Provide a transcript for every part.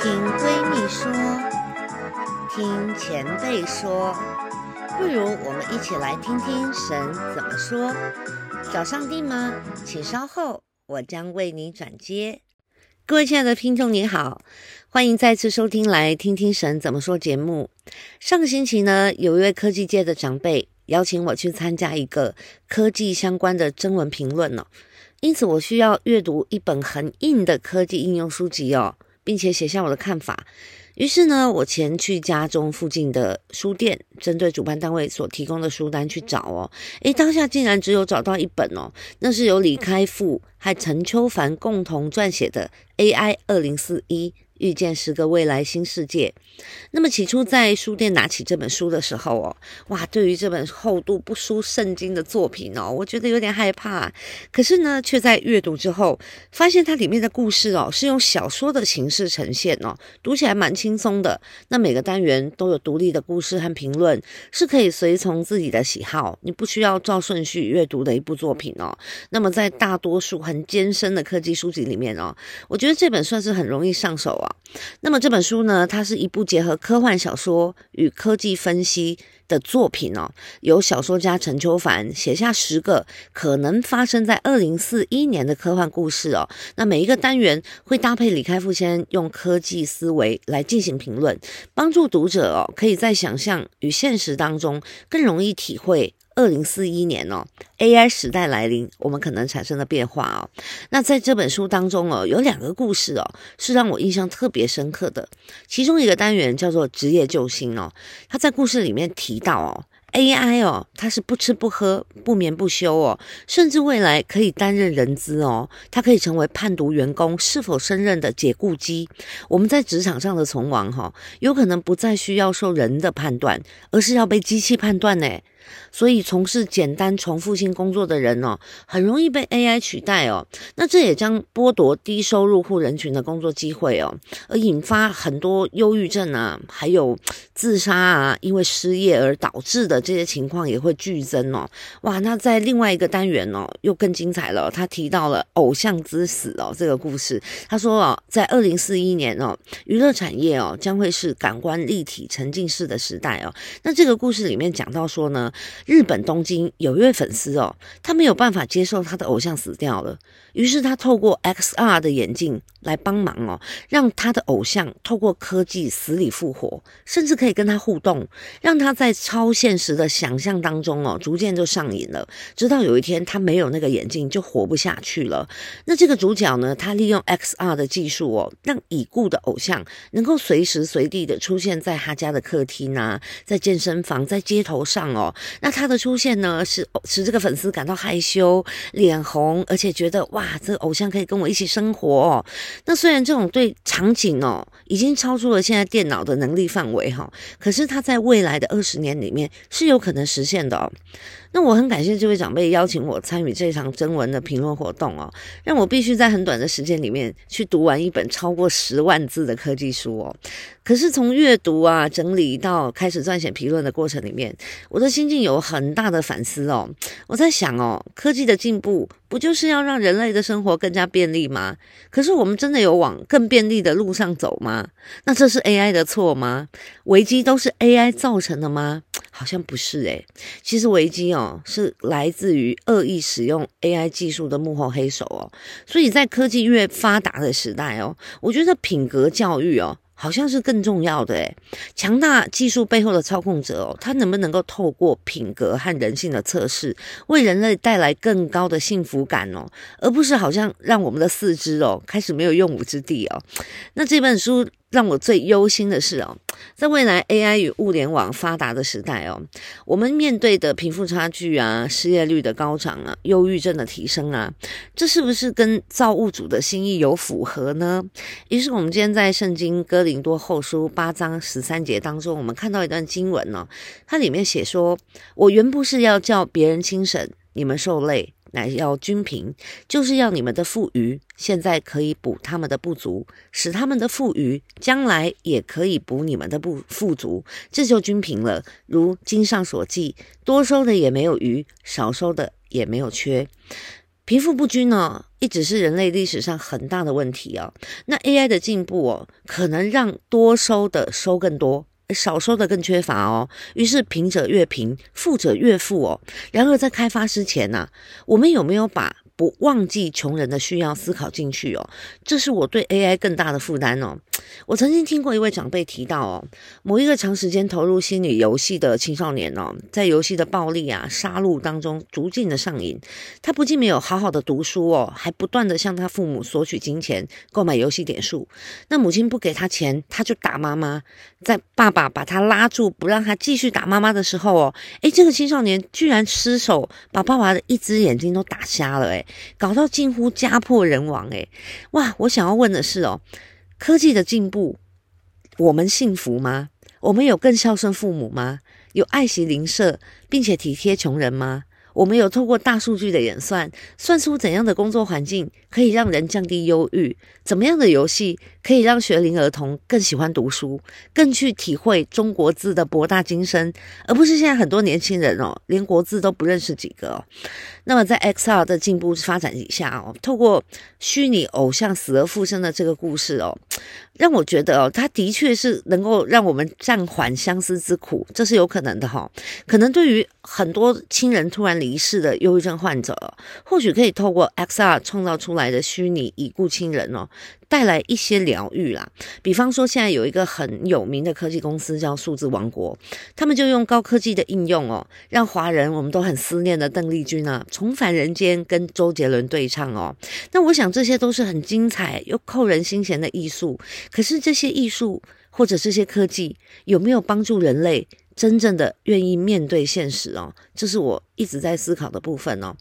聽閨蜜說，聽前輩說，不如我們一起來聽聽神怎麼說。找上帝嗎？請稍後，我將為你轉接。各位親愛的聽眾，你好，歡迎再次收聽來聽聽神怎麼說節目。上個星期呢，有一位科技界的長輩邀請我去參加一個科技相關的徵文評論哦，因此我需要閱讀一本很硬的科技應用書籍哦。並且寫下我的看法。於是呢，我前去家中附近的書店，針對主辦單位所提供的書單去找哦。誒，當下竟然只有找到一本哦，那是由李開復和陳楸帆共同撰寫的《AI 二零四一》。遇見十個未來新世界。那麼起初在書店拿起這本書的時候哦，哇，對於這本厚度不輸聖經的作品哦，我覺得有點害怕啊。可是呢，卻在閱讀之後發現它裡面的故事哦，是用小說的形式呈現哦，讀起來蠻輕鬆的。那每個單元都有獨立的故事和評論，是可以隨從自己的喜好，你不需要照順序閱讀的一部作品哦。那麼在大多數很艱深的科技書籍裡面哦，我覺得這本算是很容易上手啊。那麼這本書呢，它是一部結合科幻小說與科技分析的作品哦。由小說家陳秋凡寫下十個可能發生在二零四一年的科幻故事哦。那每一個單元會搭配李開復先用科技思維來進行評論，幫助讀者哦可以在想象與現實當中更容易體會。二零四一年哦，AI 時代來臨，我們可能產生了變化哦。那在這本書當中哦，有兩個故事哦，是讓我印象特別深刻的。其中一個單元叫做“職業救星”哦，他在故事裡面提到哦，AI 哦，它是不吃不喝不眠不休哦，甚至未來可以擔任人資哦，它可以成為判讀員工是否勝任的解僱機。我們在職場上的存亡哈、哦，有可能不再需要受人的判斷，而是要被機器判斷嘞。所以從事簡單重復性工作的人哦，很容易被 AI 取代哦。那這也將剝奪低收入戶人群的工作機會哦，而引發很多憂鬱症啊，還有自殺啊，因為失業而導致的這些情況也會劇增哦。哇，那在另外一個單元哦，又更精彩了。他提到了偶像之死哦，這個故事。他說哦，在二零四一年哦，娛樂產業哦將會是感官立體沉浸式的時代哦。那這個故事裡面講到說呢。日本東京有一位粉絲哦，他沒有辦法接受他的偶像死掉了，於是他透過 XR 的眼鏡來幫忙哦，讓他的偶像透過科技死裡復活，甚至可以跟他互動，讓他在超現實的想象當中哦，逐漸就上癮了。直到有一天他沒有那個眼鏡就活不下去了。那這個主角呢，他利用 XR 的技術哦，讓已故的偶像能夠隨時隨地的出現在他家的客廳啊，在健身房，在街頭上哦。那他的出現呢，使使這個粉絲感到害羞、臉紅，而且覺得哇，這偶像可以跟我一起生活哦。那雖然這種對場景哦，已經超出了現在電腦的能力範圍哈、哦，可是他在未來的二十年裡面是有可能實現的哦。那我很感謝這位長輩邀請我參與這場徵文的評論活動哦，讓我必須在很短的時間裡面去讀完一本超過十萬字的科技書哦。可是從閱讀啊整理到開始撰寫評論的過程裡面，我的心境有很大的反思哦。我在想哦，科技的進步不就是要讓人類的生活更加便利嗎？可是我們真的有往更便利的路上走嗎？那這是 AI 的錯嗎？危機都是 AI 造成的嗎？好像不是誒、欸、其實危機哦是來自於惡意使用 AI 技術的幕後黑手哦，所以在科技越發達的時代哦，我覺得品格教育哦，好像是更重要的誒，強大技術背後的操控者哦，他能不能夠透過品格和人性的測試，為人類帶來更高的幸福感哦，而不是好像讓我們的四肢哦，開始沒有用武之地哦，那這本書。讓我最憂心的是哦，在未來 AI 與物聯網發達的時代哦，我們面對的貧富差距啊、失業率的高漲啊、憂鬱症的提升啊，這是不是跟造物主的心意有符合呢？於是我們今天在聖經哥林多後書八章十三節當中，我們看到一段經文哦，它裡面寫說：“我原不是要叫別人輕省，你們受累。”乃要均平，就是要你們的富餘，現在可以補他們的不足，使他們的富餘將來也可以補你們的不富足，這就均平了。如經上所記，多收的也沒有餘，少收的也沒有缺。貧富不均呢、哦，一直是人類歷史上很大的問題啊、哦。那 AI 的進步哦，可能讓多收的收更多。少說的更缺乏哦，於是貧者越貧，富者越富哦。然而在開發之前呢、啊，我們有沒有把？不忘記窮人的需要，思考進去哦，這是我對 AI 更大的負擔哦。我曾經聽過一位長輩提到哦，某一個長時間投入虛擬遊戲的青少年哦，在遊戲的暴力啊殺戮當中逐漸的上癮，他不僅沒有好好的讀書哦，還不斷的向他父母索取金錢購買遊戲點數。那母親不給他錢，他就打媽媽。在爸爸把他拉住不讓他繼續打媽媽的時候哦，誒、欸，這個青少年居然失手把爸爸的一隻眼睛都打瞎了、欸，誒。搞到近乎家破人亡。欸，誒，哇！我想要問的是哦，科技的進步，我們幸福嗎？我們有更孝順父母嗎？有愛惜鄰舍，並且體貼窮人嗎？我們有透過大數據的演算，算出怎樣的工作環境可以讓人降低憂鬱，怎麼樣的遊戲可以讓學齡兒童更喜歡讀書，更去體會中國字的博大精深，而不是現在很多年輕人哦，連國字都不認識幾個哦。那麼在 XR 的進步發展底下哦，透過虛擬偶像死而復生的這個故事哦。讓我覺得哦，他的確是能夠讓我們暫緩相思之苦，這是有可能的哈、哦。可能對於很多親人突然離世的憂鬱症患者，或許可以透過 XR 創造出來的虛擬已故親人哦。帶來一些療癒啦，比方說現在有一個很有名的科技公司叫數字王國，他們就用高科技的應用哦，讓華人我們都很思念的鄧麗君啊重返人間，跟周杰倫對唱哦。那我想這些都是很精彩又扣人心弦的藝術，可是這些藝術或者這些科技有沒有幫助人類？真正的願意面對現實哦，這是我一直在思考的部分哦。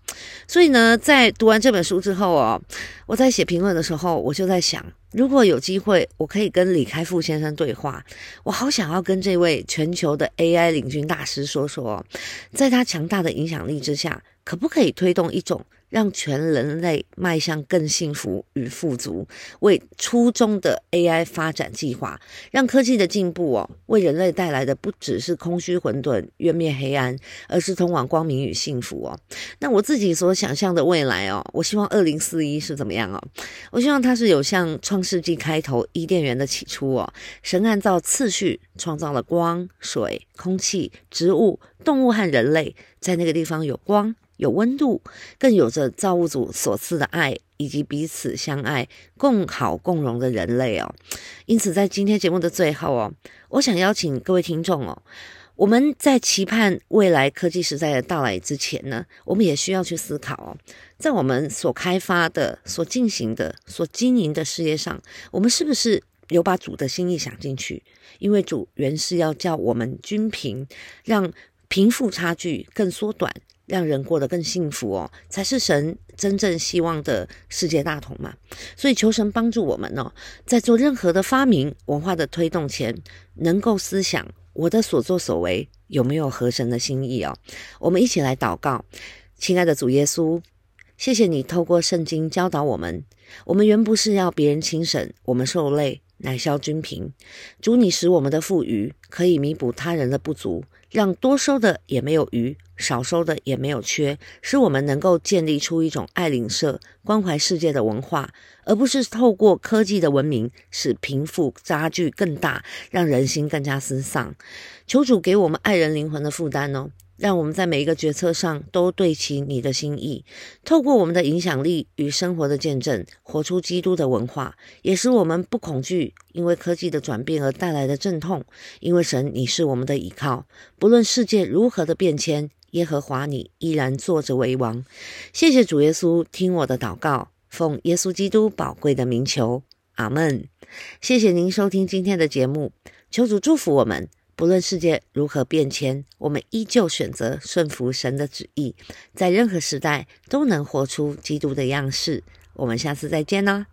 所以呢，在讀完這本書之後哦，我在寫評論的時候，我就在想，如果有機會，我可以跟李開復先生對話，我好想要跟這位全球的 AI 領軍大師說說，在他強大的影響力之下，可不可以推動一種，讓全人類邁向更幸福與富足，為初衷的 AI 發展計劃，讓科技的進步哦，為人類帶來的不只是空虛混沌、淵面黑暗，而是通往光明與幸福哦。那我自己所想象的未來哦，我希望二零四一是怎麼樣哦？我希望它是有像創世紀開頭伊甸園的起初哦，神按照次序創造了光、水、空氣、植物、動物和人類，在那個地方有光。有溫度，更有着造物主所賜的愛，以及彼此相愛、共好共榮的人類哦。因此，在今天節目的最後哦，我想邀請各位聽眾哦，我們在期盼未來科技時代的到來之前呢，我們也需要去思考哦，在我們所開發的、所進行的、所經營的事業上，我們是不是有把主的心意想進去？因為主原是要叫我們均平，讓，貧富差距更縮短，讓人過得更幸福哦，才是神真正希望的世界大同嘛。所以求神幫助我們哦，在做任何的發明、文化的推動前，能夠思想我的所作所為有沒有合神的心意哦。我們一起來禱告，親愛的主耶穌，謝謝你透過聖經教導我們，我們原不是要別人輕省，我們受累乃消均平。主，你使我們的富裕，可以彌補他人的不足。讓多收的也沒有餘，少收的也沒有缺，使我們能夠建立出一種愛鄰舍、關懷世界的文化，而不是透過科技的文明使貧富差距更大，讓人心更加失喪。求主給我們愛人靈魂的負擔哦。讓我們在每一個決策上都對齊你的心意，透過我們的影響力與生活的見證，活出基督的文化，也使我們不恐懼因為科技的轉變而帶來的陣痛。因為神，你是我們的依靠，不論世界如何的變遷，耶和華你依然坐着為王。謝謝主耶穌，聽我的禱告，奉耶穌基督寶貴的名求，阿門。謝謝您收聽今天的節目，求主祝福我們。不論世界如何變遷，我們依舊選擇順服神的旨意，在任何時代都能活出基督的樣式。我們下次再見啦。